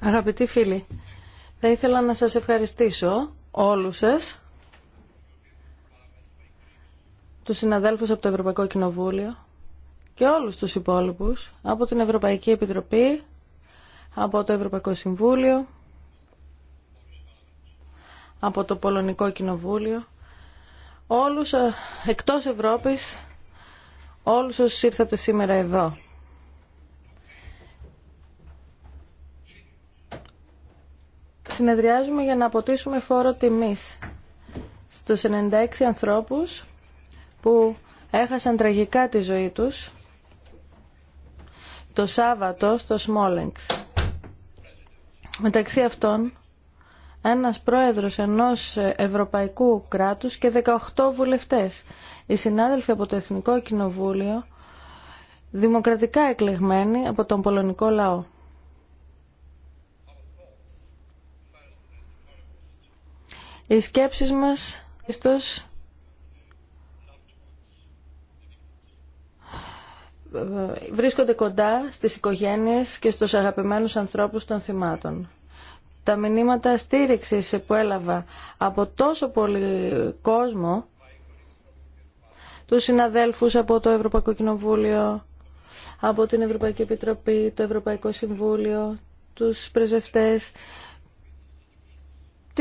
Αγαπητοί φίλοι, θα ήθελα να σας ευχαριστήσω όλους σας, τους συναδέλφους από το Ευρωπαϊκό Κοινοβούλιο και όλους τους υπόλοιπους από την Ευρωπαϊκή Επιτροπή, από το Ευρωπαϊκό Συμβούλιο, από το Πολωνικό Κοινοβούλιο, όλους ε, εκτός Ευρώπης, όλους όσους ήρθατε σήμερα εδώ. συνεδριάζουμε για να αποτίσουμε φόρο τιμής στους 96 ανθρώπους που έχασαν τραγικά τη ζωή τους το Σάββατο στο Σμόλενξ. Μεταξύ αυτών, ένας πρόεδρος ενός ευρωπαϊκού κράτους και 18 βουλευτές. Οι συνάδελφοι από το Εθνικό Κοινοβούλιο, δημοκρατικά εκλεγμένοι από τον πολωνικό λαό. Οι σκέψεις μας, Χριστός, βρίσκονται κοντά στις οικογένειες και στους αγαπημένους ανθρώπους των θυμάτων. Τα μηνύματα στήριξης που έλαβα από τόσο πολύ κόσμο, τους συναδέλφους από το Ευρωπαϊκό Κοινοβούλιο, από την Ευρωπαϊκή Επιτροπή, το Ευρωπαϊκό Συμβούλιο, τους πρεσβευτές,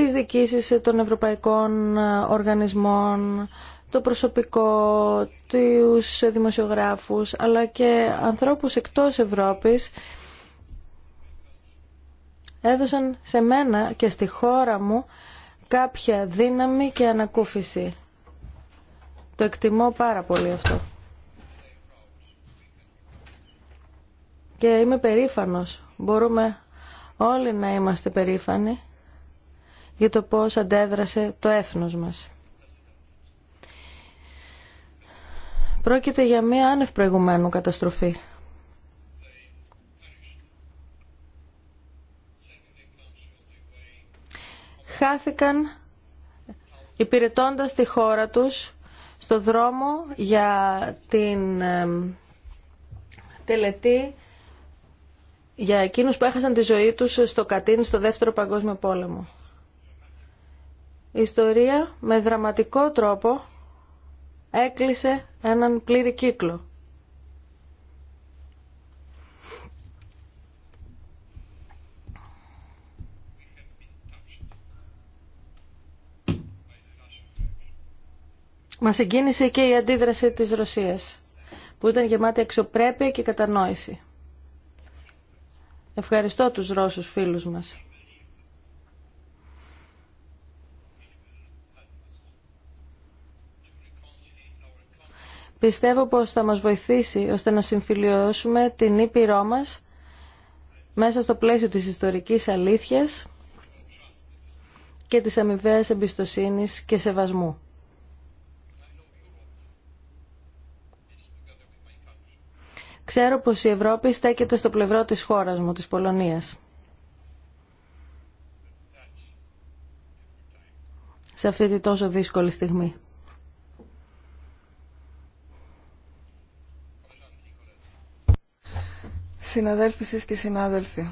τις διοικήσεις των ευρωπαϊκών οργανισμών, το προσωπικό, τους δημοσιογράφους, αλλά και ανθρώπους εκτός Ευρώπης, έδωσαν σε μένα και στη χώρα μου κάποια δύναμη και ανακούφιση. Το εκτιμώ πάρα πολύ αυτό. Και είμαι περήφανος. Μπορούμε όλοι να είμαστε περήφανοι για το πώς αντέδρασε το έθνος μας. Πρόκειται για μία άνευ προηγουμένου καταστροφή. Χάθηκαν υπηρετώντας τη χώρα τους στο δρόμο για την τελετή για εκείνους που έχασαν τη ζωή τους στο Κατίν στο Δεύτερο Παγκόσμιο Πόλεμο η ιστορία με δραματικό τρόπο έκλεισε έναν πλήρη κύκλο. Μα συγκίνησε και η αντίδραση της Ρωσίας, που ήταν γεμάτη αξιοπρέπεια και κατανόηση. Ευχαριστώ τους Ρώσους φίλους μας. πιστεύω πως θα μας βοηθήσει ώστε να συμφιλιώσουμε την ήπειρό μας μέσα στο πλαίσιο της ιστορικής αλήθειας και της αμοιβαίας εμπιστοσύνης και σεβασμού. Ξέρω πως η Ευρώπη στέκεται στο πλευρό της χώρας μου, της Πολωνίας. Σε αυτή τη τόσο δύσκολη στιγμή. Συναδέλφισες και συνάδελφοι.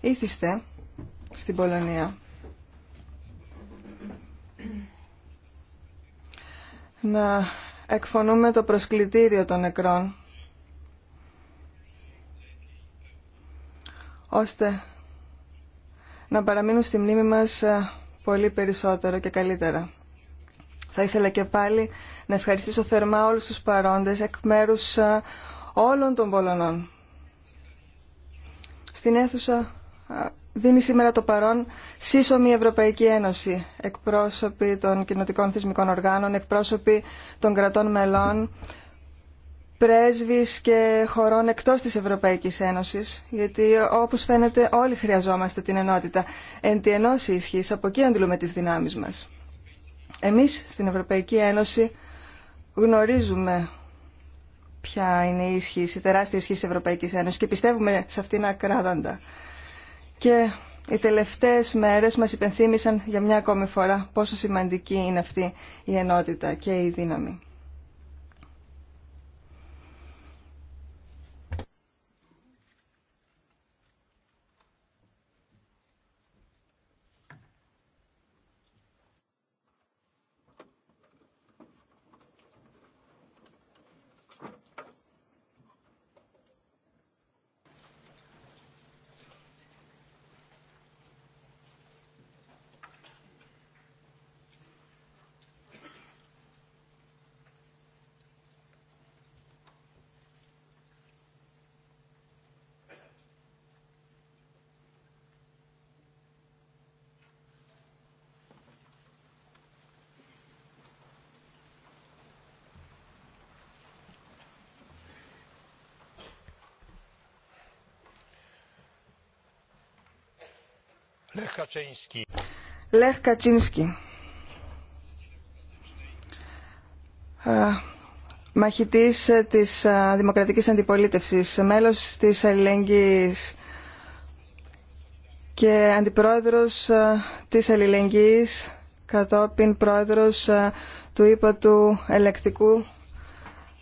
Ήθιστε στην Πολωνία να εκφωνούμε το προσκλητήριο των νεκρών ώστε να παραμείνουν στη μνήμη μας ε, πολύ περισσότερο και καλύτερα. Θα ήθελα και πάλι να ευχαριστήσω θερμά όλους τους παρόντες εκ μέρους ε, όλων των Πολωνών. Στην αίθουσα ε, δίνει σήμερα το παρόν σύσσωμη Ευρωπαϊκή Ένωση, εκπρόσωποι των κοινοτικών θεσμικών οργάνων, εκπρόσωποι των κρατών μελών, πρέσβης και χωρών εκτός της Ευρωπαϊκής Ένωσης, γιατί όπως φαίνεται όλοι χρειαζόμαστε την ενότητα. Εν τη ισχύς, από εκεί αντιλούμε τις δυνάμεις μας. Εμείς στην Ευρωπαϊκή Ένωση γνωρίζουμε ποια είναι η ισχύση, η τεράστια ισχύση της Ευρωπαϊκής Ένωσης και πιστεύουμε σε αυτήν ακράδαντα. Και οι τελευταίες μέρες μας υπενθύμησαν για μια ακόμη φορά πόσο σημαντική είναι αυτή η ενότητα και η δύναμη. Λεχ Kaczyński. Ε, μαχητής της ε, Δημοκρατικής Αντιπολίτευσης, μέλος της Αλληλεγγύης και αντιπρόεδρος ε, της Αλληλεγγύης κατόπιν πρόεδρος του ΥΠΑ του Ελεκτικού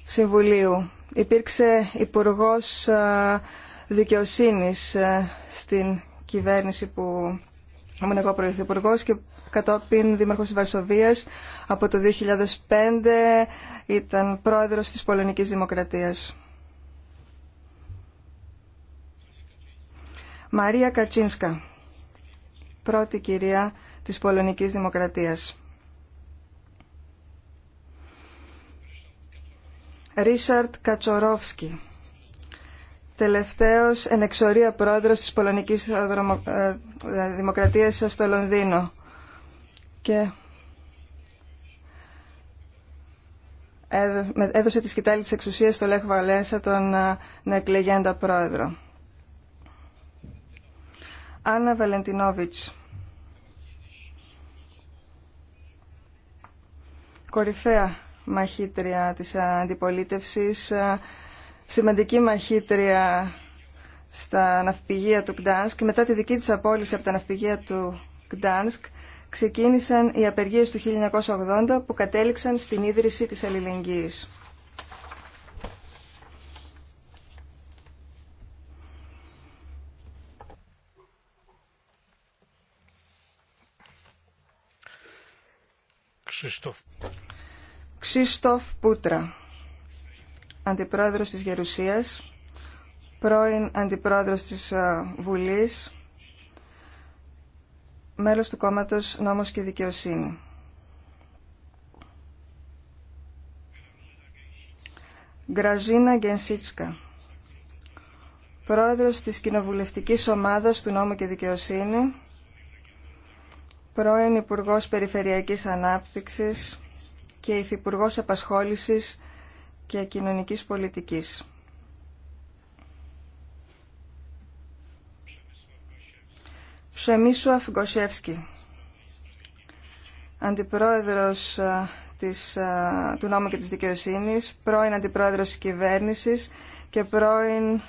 Συμβουλίου. Υπήρξε υπουργός δικαιοσύνης στην κυβέρνηση που Ήμουν εγώ πρωθυπουργό και κατόπιν δήμαρχο της Βαρσοβίας από το 2005 ήταν πρόεδρος της Πολωνική Δημοκρατίας. Μαρία Κατσίνσκα, πρώτη κυρία της Πολωνικής Δημοκρατίας. Ρίσαρτ Κατσορόφσκι, τελευταίος ενεξορία πρόεδρος της Πολωνικής ε, Δημοκρατίας στο Λονδίνο. Και έδωσε τη σκητάλη της εξουσίας στο Λέχ Βαλέσσα τον ε, νεκλεγέντα πρόεδρο. Άννα Βαλεντινόβιτς. Κορυφαία μαχήτρια της αντιπολίτευσης ε, σημαντική μαχήτρια στα ναυπηγεία του και Μετά τη δική της απόλυση από τα ναυπηγεία του Γκτάνσκ ξεκίνησαν οι απεργίες του 1980 που κατέληξαν στην ίδρυση της αλληλεγγύης. Ξίστοφ Πούτρα αντιπρόεδρος της Γερουσίας, πρώην αντιπρόεδρος της ε, Βουλής, μέλος του κόμματος Νόμος και Δικαιοσύνη. Γκραζίνα Γκενσίτσκα, πρόεδρος της Κοινοβουλευτικής Ομάδας του Νόμου και Δικαιοσύνη, πρώην Υπουργός Περιφερειακής Ανάπτυξης και Υφυπουργός Απασχόλησης και κοινωνικής πολιτικής. Ψεμίσου Αφγκοσεύσκη, αντιπρόεδρος της, του νόμου και της δικαιοσύνης, πρώην αντιπρόεδρος της κυβέρνησης και πρώην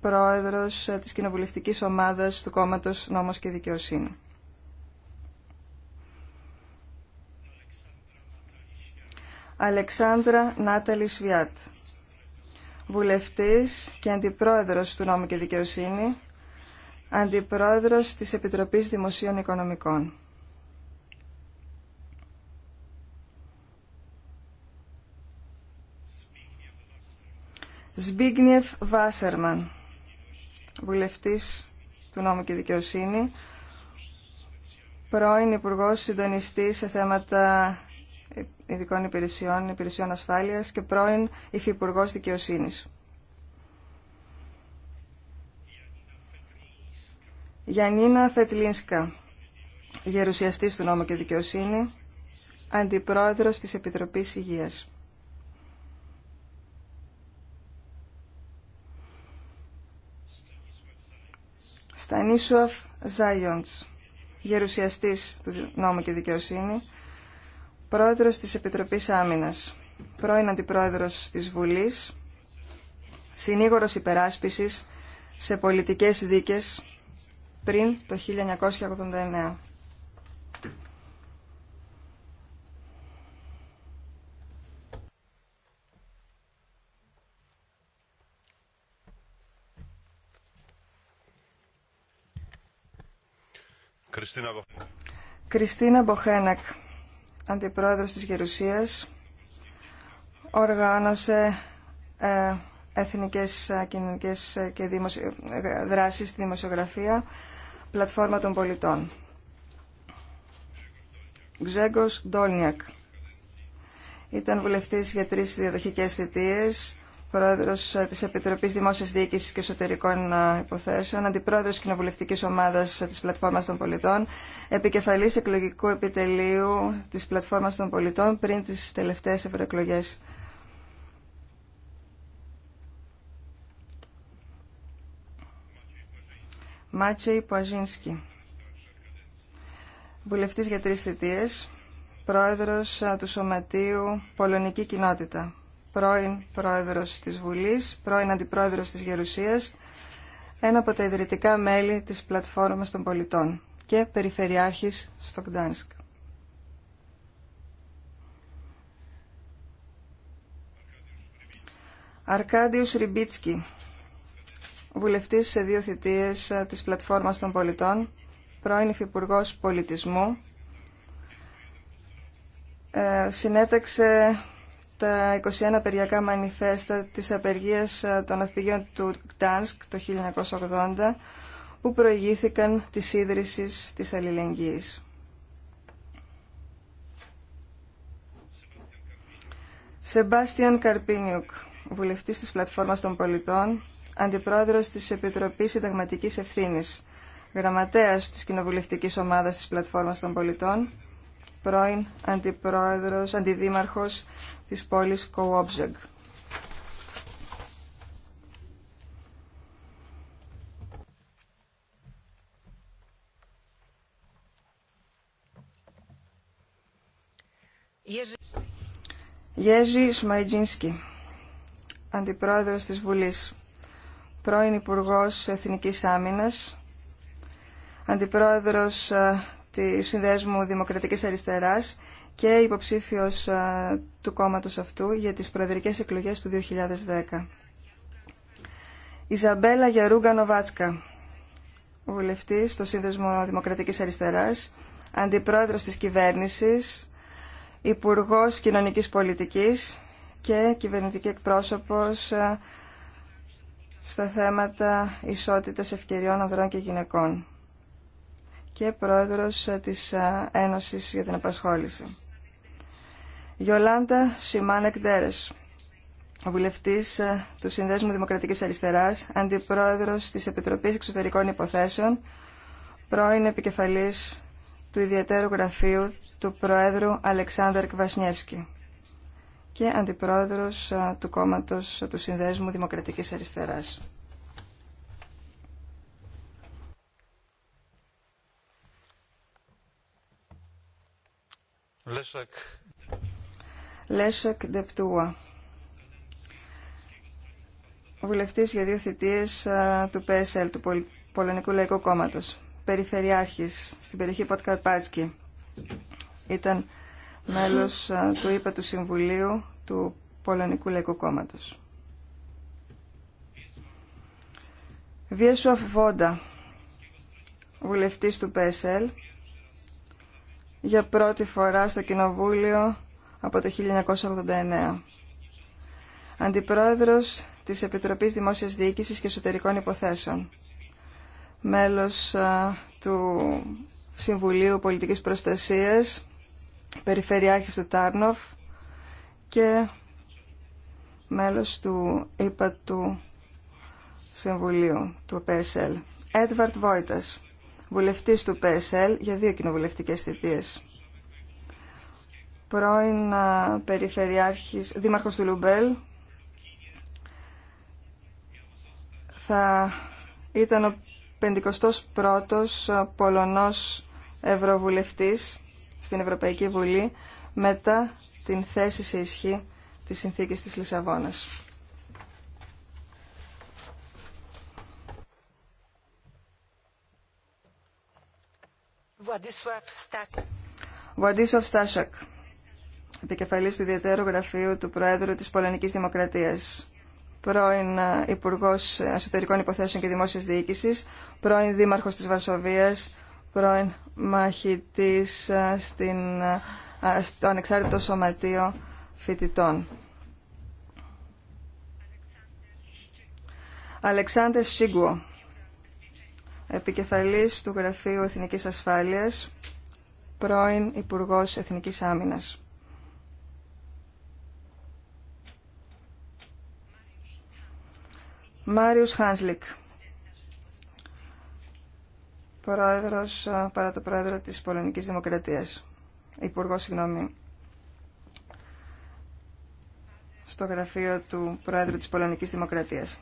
πρόεδρος της κοινοβουλευτικής ομάδας του κόμματος Νόμος και Δικαιοσύνη. Αλεξάνδρα Νάταλη Σβιάτ, βουλευτής και αντιπρόεδρος του Νόμου και Δικαιοσύνη, αντιπρόεδρος της Επιτροπής Δημοσίων Οικονομικών. Σμπίγνιεφ Βάσερμαν, βουλευτής του Νόμου και Δικαιοσύνη, πρώην Υπουργός Συντονιστή σε θέματα ειδικών υπηρεσιών, υπηρεσιών ασφάλειας και πρώην υφυπουργό δικαιοσύνης. Γιανίνα Φετλίνσκα, γερουσιαστής του νόμου και δικαιοσύνη, αντιπρόεδρος της Επιτροπής Υγείας. Στανίσουαφ Ζάιοντς, γερουσιαστής του νόμου και δικαιοσύνη, πρόεδρος της Επιτροπής Άμυνας, πρώην αντιπρόεδρος της Βουλής, συνήγορος υπεράσπισης σε πολιτικές δίκες πριν το 1989. Κριστίνα Μποχένακ αντιπρόεδρος της Γερουσίας οργάνωσε ε, εθνικές ε, κοινωνικές ε, και ε, δράσεις στη δημοσιογραφία πλατφόρμα των πολιτών. Ξέγκος Ντόλνιακ ήταν βουλευτής για τρεις διαδοχικές θητείες πρόεδρος της Επιτροπής Δημόσιας Διοίκησης και Εσωτερικών ε, Υποθέσεων, αντιπρόεδρος κοινοβουλευτικής ομάδας της Πλατφόρμας των Πολιτών, επικεφαλής εκλογικού επιτελείου της Πλατφόρμας των Πολιτών πριν τις τελευταίες ευρωεκλογέ. Μάτσεϊ Πουαζίνσκι, βουλευτής για τρεις θητείες, πρόεδρος ε, του Σωματείου Πολωνική Κοινότητα πρώην πρόεδρος της Βουλής, πρώην αντιπρόεδρος της Γερουσίας, ένα από τα ιδρυτικά μέλη της Πλατφόρμας των Πολιτών και περιφερειάρχης στο ΚΝΤΑΝΣΚ. Αρκάδιος Ριμπίτσκι, βουλευτής σε δύο θητείες ε, της Πλατφόρμας των Πολιτών, πρώην Υφυπουργός Πολιτισμού, ε, συνέταξε τα 21 περιακά μανιφέστα της απεργίας ε, των αυπηγείων του Κτάνσκ το 1980 που προηγήθηκαν της ίδρυσης της αλληλεγγύης. Σεμπάστιαν Καρπίνιουκ, βουλευτής της Πλατφόρμας των Πολιτών, αντιπρόεδρος της Επιτροπής Συνταγματικής Ευθύνης, γραμματέας της Κοινοβουλευτικής Ομάδας της Πλατφόρμας των Πολιτών, πρώην αντιπρόεδρος, αντιδήμαρχος της πόλης Κοουόμπζεγκ. Γέζη Σμαϊτζίνσκι, Αντιπρόεδρος της Βουλής, πρώην Υπουργός Εθνικής Άμυνας, Αντιπρόεδρος ε, του Συνδέσμου Δημοκρατικής Αριστεράς και υποψήφιος του κόμματος αυτού για τις προεδρικές εκλογές του 2010. Ιζαμπέλα Γιαρούγκα Νοβάτσκα, βουλευτής στο Σύνδεσμο Δημοκρατικής Αριστεράς, αντιπρόεδρος της κυβέρνησης, υπουργός κοινωνικής πολιτικής και κυβερνητική εκπρόσωπος στα θέματα ισότητας ευκαιριών ανδρών και γυναικών και πρόεδρος της ε, Ένωσης για την Απασχόληση. Γιολάντα Σιμάνεκ Εκτέρες, βουλευτής ε, του Συνδέσμου Δημοκρατικής Αριστεράς, αντιπρόεδρος της Επιτροπής Εξωτερικών Υποθέσεων, πρώην επικεφαλής του ιδιαίτερου γραφείου του Προέδρου Αλεξάνδρ Κβασνιεύσκη και αντιπρόεδρος ε, του κόμματος του Συνδέσμου Δημοκρατικής Αριστεράς. Leszek. Λέσσακ Ντεπτούα. Βουλευτής για δύο θητείες του ΠΕΣΕΛ, του Πολωνικού Λαϊκού Κόμματος. Περιφερειάρχης στην περιοχή Ποτκαρπάτσκι. Ήταν μέλος του ΥΠΑ του Συμβουλίου του Πολωνικού Λαϊκού Κόμματος. Βιεσουαφ Βόντα, βουλευτής του ΠΕΣΕΛ για πρώτη φορά στο Κοινοβούλιο από το 1989. Αντιπρόεδρος της Επιτροπής Δημόσιας Διοίκησης και Εσωτερικών Υποθέσεων. Μέλος του Συμβουλίου Πολιτικής Προστασίας, Περιφερειάρχης του Τάρνοφ και μέλος του ΕΠΑ του Συμβουλίου, του PSL. Έντβαρτ Βόιτας βουλευτής του ΠΕΣΕΛ για δύο κοινοβουλευτικές θητείες. Πρώην περιφερειάρχης, δήμαρχος του Λουμπέλ, θα ήταν ο 51ος Πολωνός Ευρωβουλευτής στην Ευρωπαϊκή Βουλή μετά την θέση σε ισχύ της συνθήκης της Λισαβόνας. Βουαντίσουαφ Στάσακ, επικεφαλής του Ιδιαίτερου Γραφείου του Προέδρου της Πολωνικής Δημοκρατίας, πρώην ε, Υπουργός Ασωτερικών Υποθέσεων και Δημόσιας Διοίκησης, πρώην Δήμαρχος της Βασοβίας, πρώην μαχητής ε, στην, ε, στο Ανεξάρτητο Σωματείο Φοιτητών. Αλεξάνδρες Σίγκουο, επικεφαλής του Γραφείου Εθνικής Ασφάλειας, πρώην Υπουργός Εθνικής Άμυνας. Μάριος Χάνσλικ, πρόεδρος, παρά το πρόεδρο της Πολωνικής Δημοκρατίας, υπουργό, συγγνώμη, στο γραφείο του πρόεδρου της Πολωνικής Δημοκρατίας,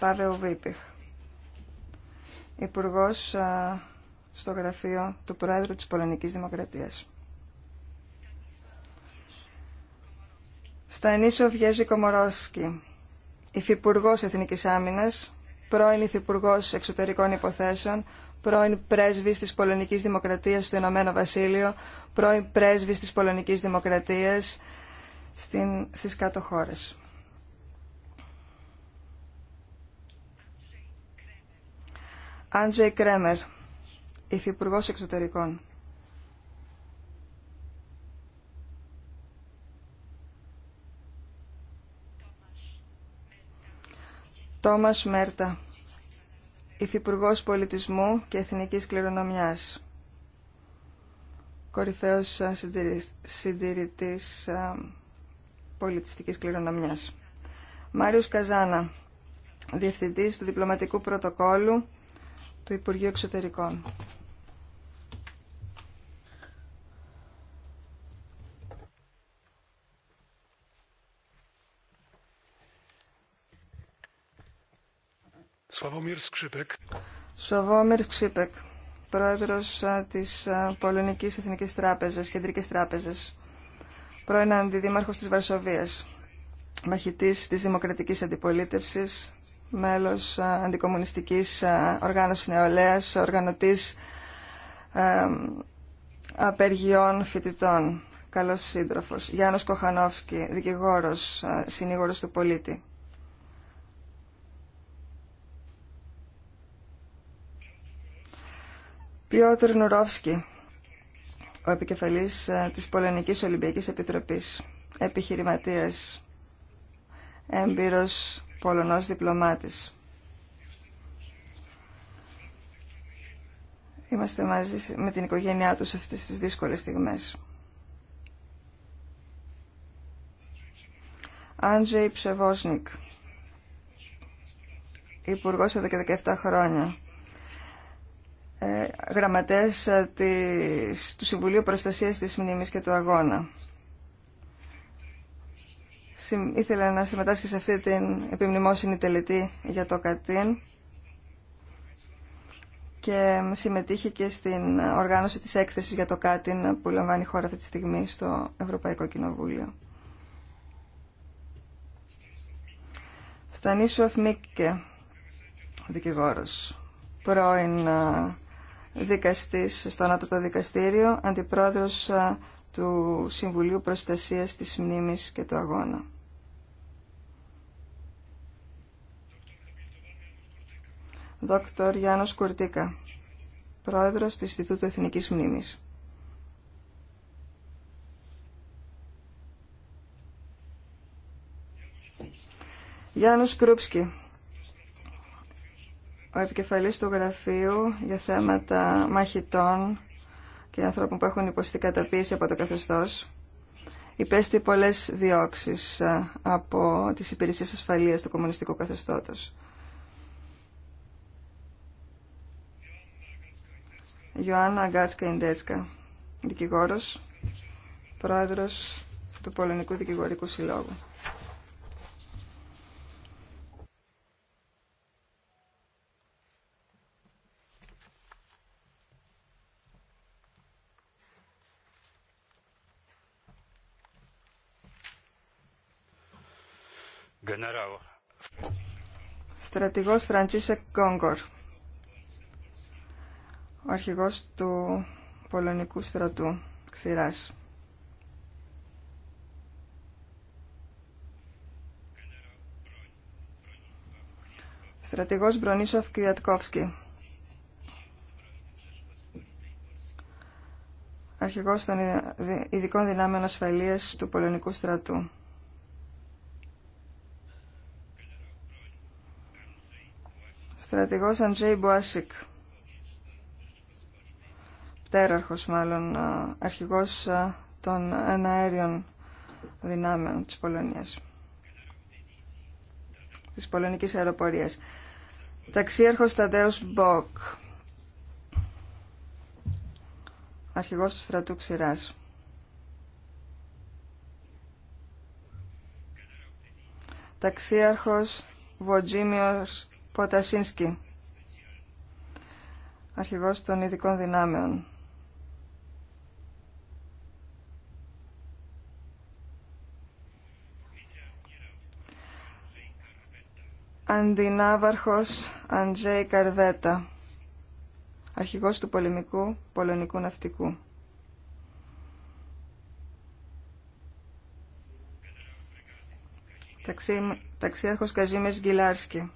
Παύε Βίπιχ υπουργό στο γραφείο του Πρόεδρου της Πολωνικής Δημοκρατίας. Στανίσο Βιέζη Κομορόσκι, υφυπουργός Εθνικής Άμυνας, πρώην υφυπουργός Εξωτερικών Υποθέσεων, πρώην πρέσβης της Πολωνικής Δημοκρατίας στο Ηνωμένο Βασίλειο, πρώην πρέσβης της Πολωνικής Δημοκρατίας στην, στις κάτω χώρες. Άντζεϊ Κρέμερ, υφυπουργό Εξωτερικών. Τόμας Μέρτα, υφυπουργό Πολιτισμού και Εθνικής Κληρονομιάς. Κορυφαίος συντηρητής πολιτιστικής κληρονομιάς. Μάριος Καζάνα, Διευθυντής του Διπλωματικού Πρωτοκόλου του Υπουργείου Εξωτερικών. Σλαβόμιρ Σκρίπεκ. Σλαβόμιρ Σκρίπεκ, πρόεδρος της Πολωνικής Εθνικής Τράπεζας, Κεντρικής Τράπεζας, πρώην αντιδήμαρχος της Βαρσοβίας, μαχητής της Δημοκρατικής Αντιπολίτευσης, μέλος ε, Αντικομμουνιστικής ε, οργάνωσης νεολαίας, οργανωτής ε, απεργιών φοιτητών. Καλός σύντροφος. Γιάννος Κοχανόφσκι, δικηγόρος, συνήγορος του πολίτη. Πιότρ Νουρόφσκι, ο επικεφαλής της Πολωνικής Ολυμπιακής Επιτροπής, επιχειρηματίας, έμπειρος Πολωνός διπλωμάτης. Είμαστε μαζί με την οικογένειά τους αυτές τις δύσκολες στιγμές. Άντζεϊ Ψεβόσνικ, υπουργό εδώ και 17 χρόνια, Γραμματέα ε, γραμματέας ε, του Συμβουλίου Προστασίας της Μνήμης και του Αγώνα. Ήθελα να συμμετάσχει σε αυτή την επιμνημόσυνη τελετή για το ΚΑΤΗΝ και συμμετείχε και στην οργάνωση της έκθεσης για το ΚΑΤΗΝ που λαμβάνει η χώρα αυτή τη στιγμή στο Ευρωπαϊκό Κοινοβούλιο. Στανίσου Αφμίκε, δικηγόρος, πρώην ε, δικαστής στο Ανάτοτο Δικαστήριο, αντιπρόεδρος ε, του Συμβουλίου Προστασίας της Μνήμης και του Αγώνα. Δόκτωρ Γιάννος Κουρτίκα, πρόεδρος του Ινστιτούτου Εθνικής Μνήμης. Γιάννος Κρούψκι, ο επικεφαλής του Γραφείου για θέματα μαχητών και άνθρωπων που έχουν υποστεί καταπίεση από το καθεστώς. Υπέστη πολλές διώξεις ε, από τις υπηρεσίες ασφαλείας του κομμουνιστικού καθεστώτος. Ιωάννα Αγκάτσκα Ιντέτσκα, δικηγόρος, πρόεδρος του Πολωνικού Δικηγορικού Συλλόγου. Στρατηγός Φραντσίσεκ Γκόγκορ, ο αρχηγός του πολωνικού στρατού, ξηράς. Στρατηγός Μπρονίσοφ Κριατκόφσκι, αρχηγός των ειδικών δυνάμεων ασφαλείας του πολωνικού στρατού. στρατηγός Αντζέι Μποάσικ, πτέραρχος μάλλον, αρχηγός των εναέριων δυνάμεων της Πολωνίας, της πολωνικής αεροπορίας. Ταξίαρχος Ταδέος Μποκ, αρχηγός του στρατού Ξηράς. Ταξίαρχος Βοτζίμιος Ποτασίνσκι, αρχηγός των ειδικών δυνάμεων. Αντινάβαρχος Αντζέι Καρβέτα, αρχηγός του πολεμικού πολωνικού ναυτικού. Ταξίαρχος Καζίμες Γκυλάρσκι,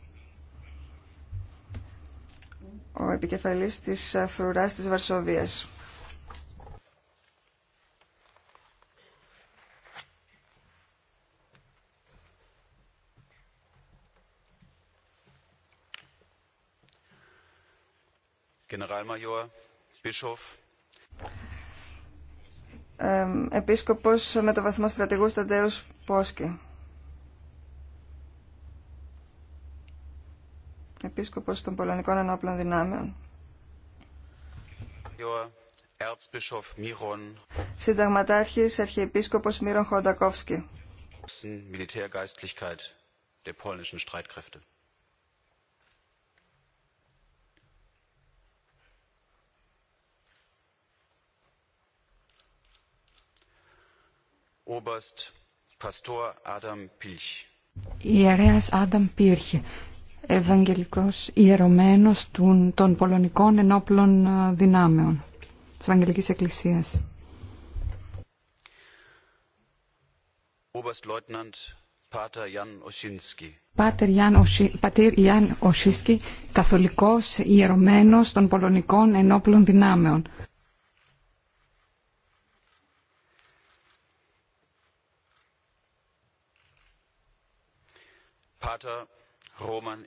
ο επικεφαλής της Φρουράς της Βαρσοβίας. Generalmajor, Bischof. επίσκοπος με το βαθμό στρατηγού Σταντέους Πόσκι. επίσκοπος των Πολωνικών Ενόπλων Δυνάμεων. Συνταγματάρχης Αρχιεπίσκοπος Μύρον Χοντακόφσκι. der polnischen Oberst Pastor Adam Pilch. Ιερέας Άνταμ Πίρχη. Ευαγγελικός ιερωμένος των πολωνικών ενόπλων ε, δυνάμεων της Ευαγγελικής Εκκλησίας. Πάτερ Ιαν Οσίσκι, καθολικός ιερωμένος των πολωνικών ενόπλων δυνάμεων. Πάτερ Roman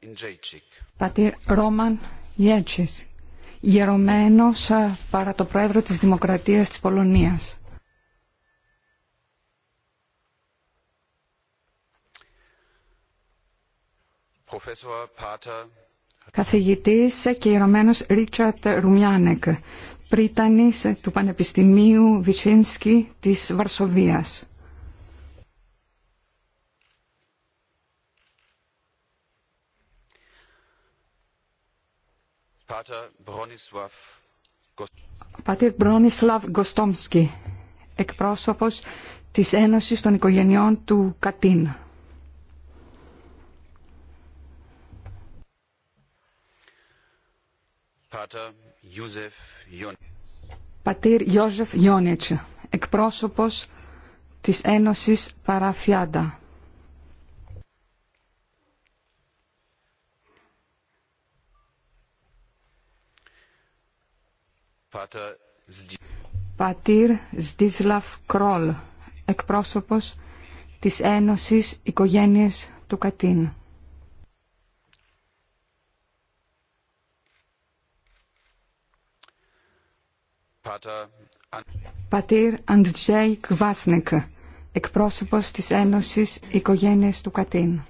Πατήρ Ρόμαν Γιέτσις, γερωμένος ε, παρά το πρόεδρο της Δημοκρατίας της Πολωνίας. Καθηγητή Καθηγητής ε, και γερωμένος Ρίτσαρτ Ρουμιάνεκ, πρίτανης ε, του Πανεπιστημίου Βιτσίνσκι της Βαρσοβίας. Πατήρ Μπρόνισλαβ Γκοστόμσκι, εκπρόσωπος της Ένωσης των Οικογενειών του Κατίν. Πατήρ Ιώζεφ Γιόνιτς, εκπρόσωπος της Ένωσης Παραφιάντα. Πατήρ Ζδίσλαφ Κρόλ, εκπρόσωπος της Ένωσης Οικογένειες του Κατίν. Πατήρ Αντζέι Κβάσνικ, εκπρόσωπος της Ένωσης Οικογένειες του Κατίν.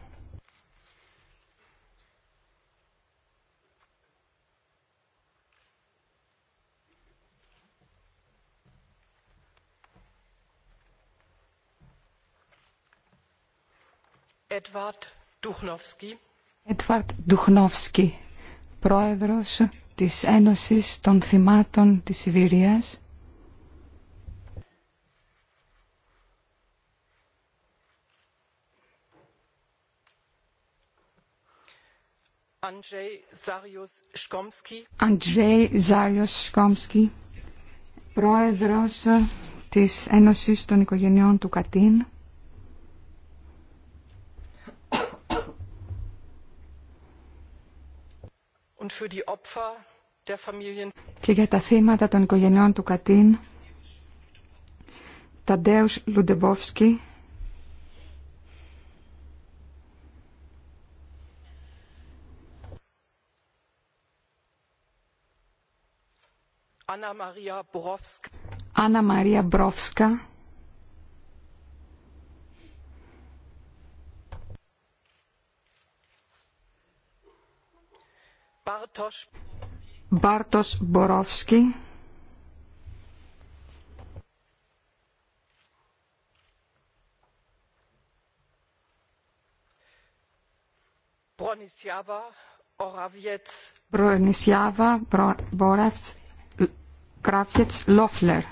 Ετβάρτ Ντουχνόφσκι, πρόεδρος της Ένωσης των Θυμάτων της Σιβηρίας. Αντζέι Ζάριος Σκόμσκι, πρόεδρος της Ένωσης των Οικογενειών του Κατίν. και για τα θύματα των οικογενειών του Κατίν, Ταντέους Λουντεμπόφσκι, Άννα Μαρία Μπρόφσκα, Μπάρτος Μπορόφσκι. Μπρονισιάβα, Μπορεύτς, Κράβιετς, Λόφλερ.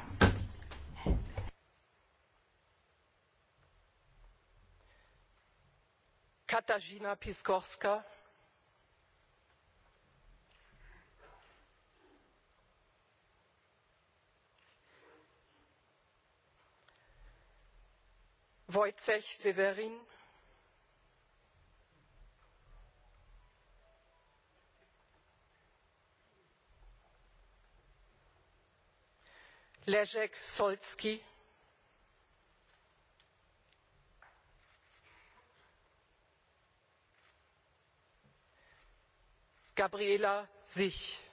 Καταζίνα Πισκόρσκα. Wojciech Severin. Leszek Solski. Gabriela Sich.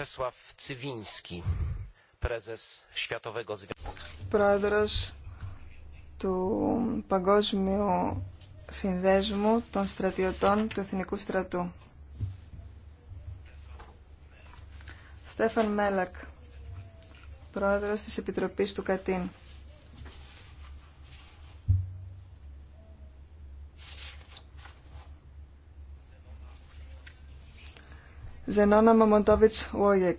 Czesław Πρόεδρος του Παγκόσμιου Συνδέσμου των Στρατιωτών του Εθνικού Στρατού. Στέφαν Μέλακ, πρόεδρος της Επιτροπής του Κατίν. Ζενόνα Μαμοντόβιτς Βόγεκ,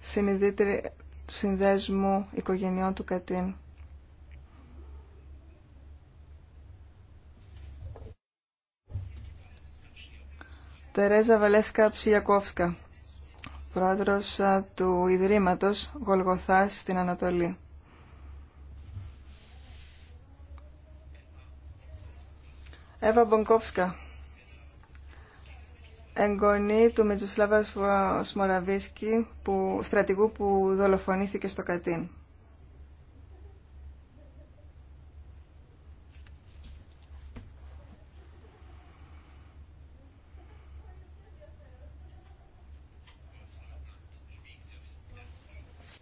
συνειδήτρη του Συνδέσμου Οικογενειών του Κατίν. Τερέζα Βαλέσκα Ψιακόφσκα, πρόεδρος του Ιδρύματος Γολγοθάς στην Ανατολή. Εύα Μπονκόφσκα, εγγονή του Μετζουσλάβα Σμοραβίσκη, που, στρατηγού που δολοφονήθηκε στο Κατίν.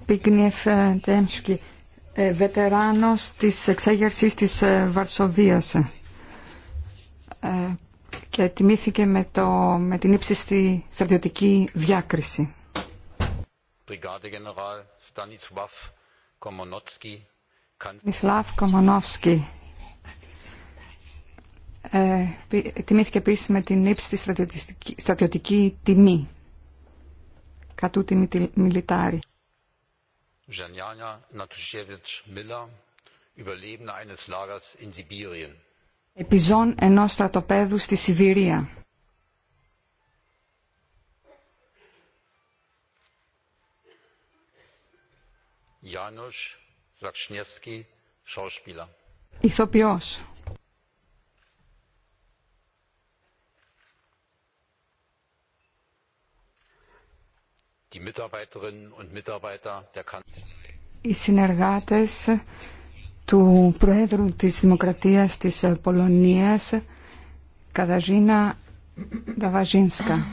Σπίγνιεφ Τέμσκι, ε, βετεράνος της εξέγερσης της ε, Βαρσοβίας ε, και τιμήθηκε με, το, με την ύψιστη στρατιωτική διάκριση. Μισλάβ Κομονόφσκι ε, τιμήθηκε επίση με την ύψιστη στρατιωτική, στρατιωτική τιμή. τη μιλιτάρη. Janjana Νατουσιέβιτς Miller, Überlebende eines Lagers in Sibirien επιζών ενός στρατοπέδου στη Σιβηρία. Janusz Zakrzniewski, Schauspieler. Ηθοποιός. Die Mitarbeiterinnen und Mitarbeiter der Οι συνεργάτες του Προέδρου της Δημοκρατίας της ε, Πολωνίας, Καταζίνα Δαβαζίνσκα.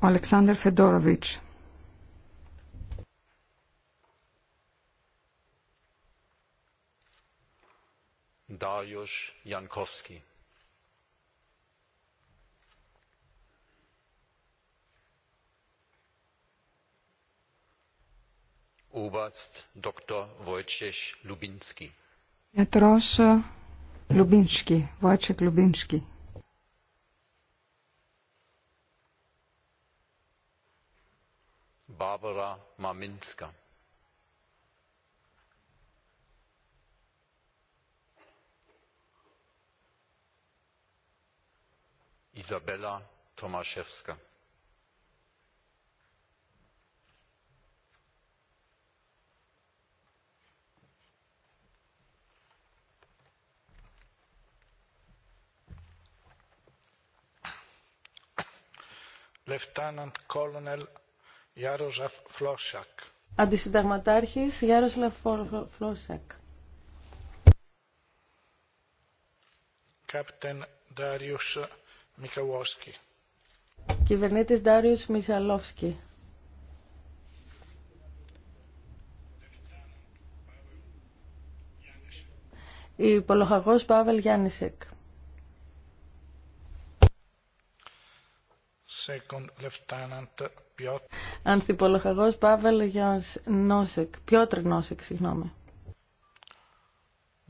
Ο Αλεξάνδρ Φεντόροβιτς. Dariusz Jankowski. Oberst Dr. Wojciech Lubinski. Γιατρός Lubinski, Wojciech Lubinski. Barbara Maminska. Isabella Tomaszewska. Lieutenant Colonel Jaroslav Flosiak. Αντισυνταγματάρχης Γιάροσλαφ Φλόσακ. Captain Darius Mikawowski. Κυβερνήτης Darius Misalowski. Η Πολοχαγός Πάβελ Γιάννησεκ. second lieutenant Piotr. Ανθιπολογαγός Πάβελ Νόσεκ, Πιότρ Νόσεκ, συγγνώμη.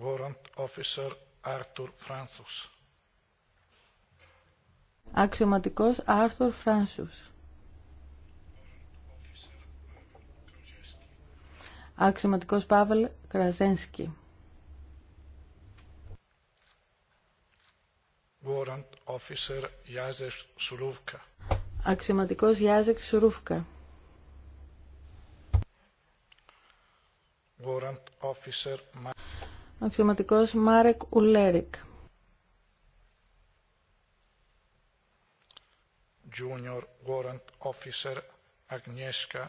Warrant officer Arthur Francis. Αξιωματικός Arthur Francis. Αξιωματικός Πάβελ Κραζένσκι. Warrant Officer Jacek Surówka. Αξιωματικός Jacek Surówka. Warrant Officer Αξιωματικός Marek Ulerik. Junior Warrant Officer Agnieszka.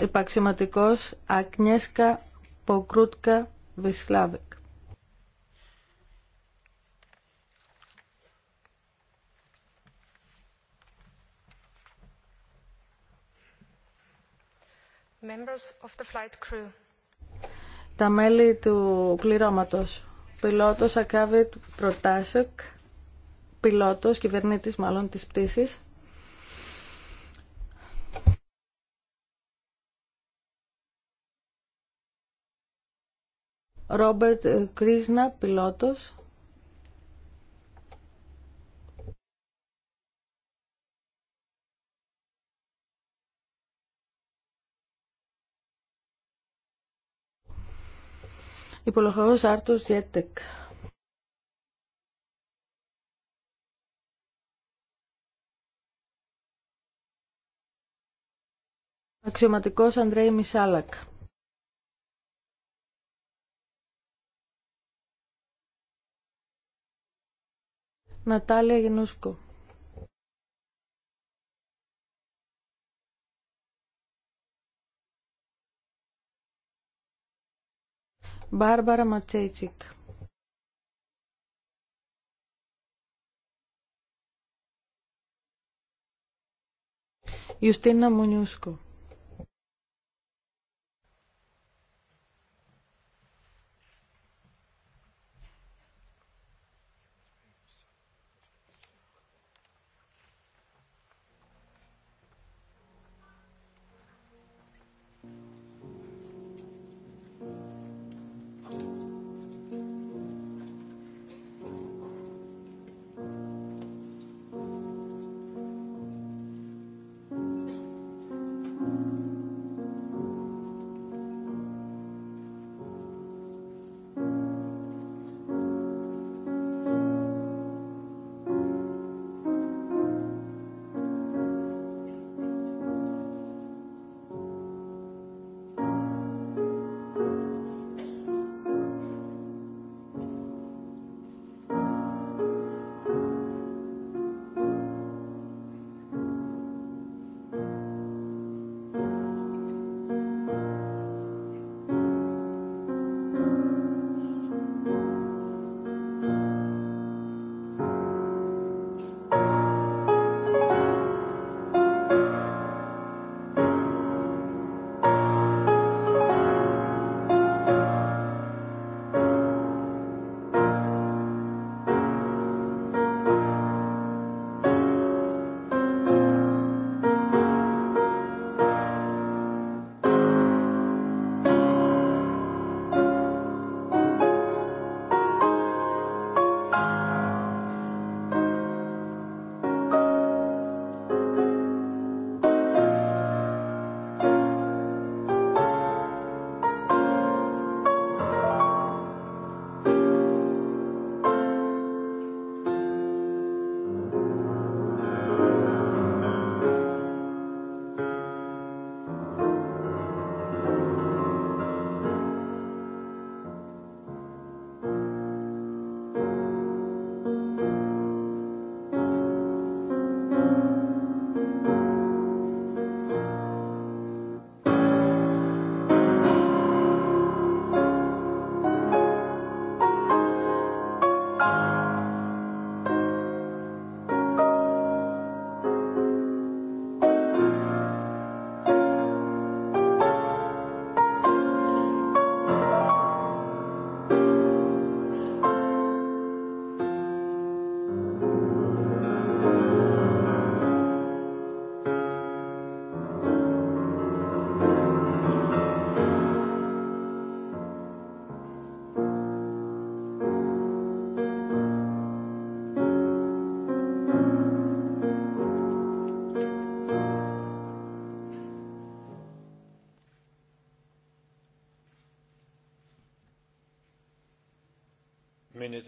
Υπαξιωματικός Agnieszka Pokrutka Wyslawek. Τα μέλη του πληρώματος. Πιλότος Ακάβιτ Προτάσεκ, πιλότος, κυβερνήτης μάλλον της πτήσης. Ρόμπερτ Κρίσνα, πιλότος. Υπολογός Άρτος Διέτεκ. Αξιωματικός Αντρέη Μισάλακ. Νατάλια Γινούσκο. Μπάρμπαρα Ματσέιτσικ. Ιουστίνα Μουνιούσκου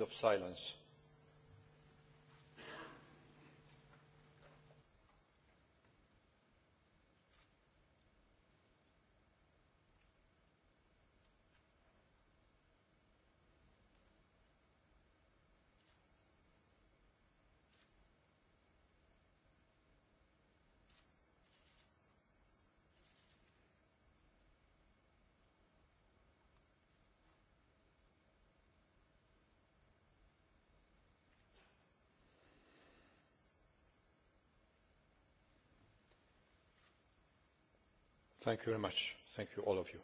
of silence. Thank you very much. Thank you, all of you.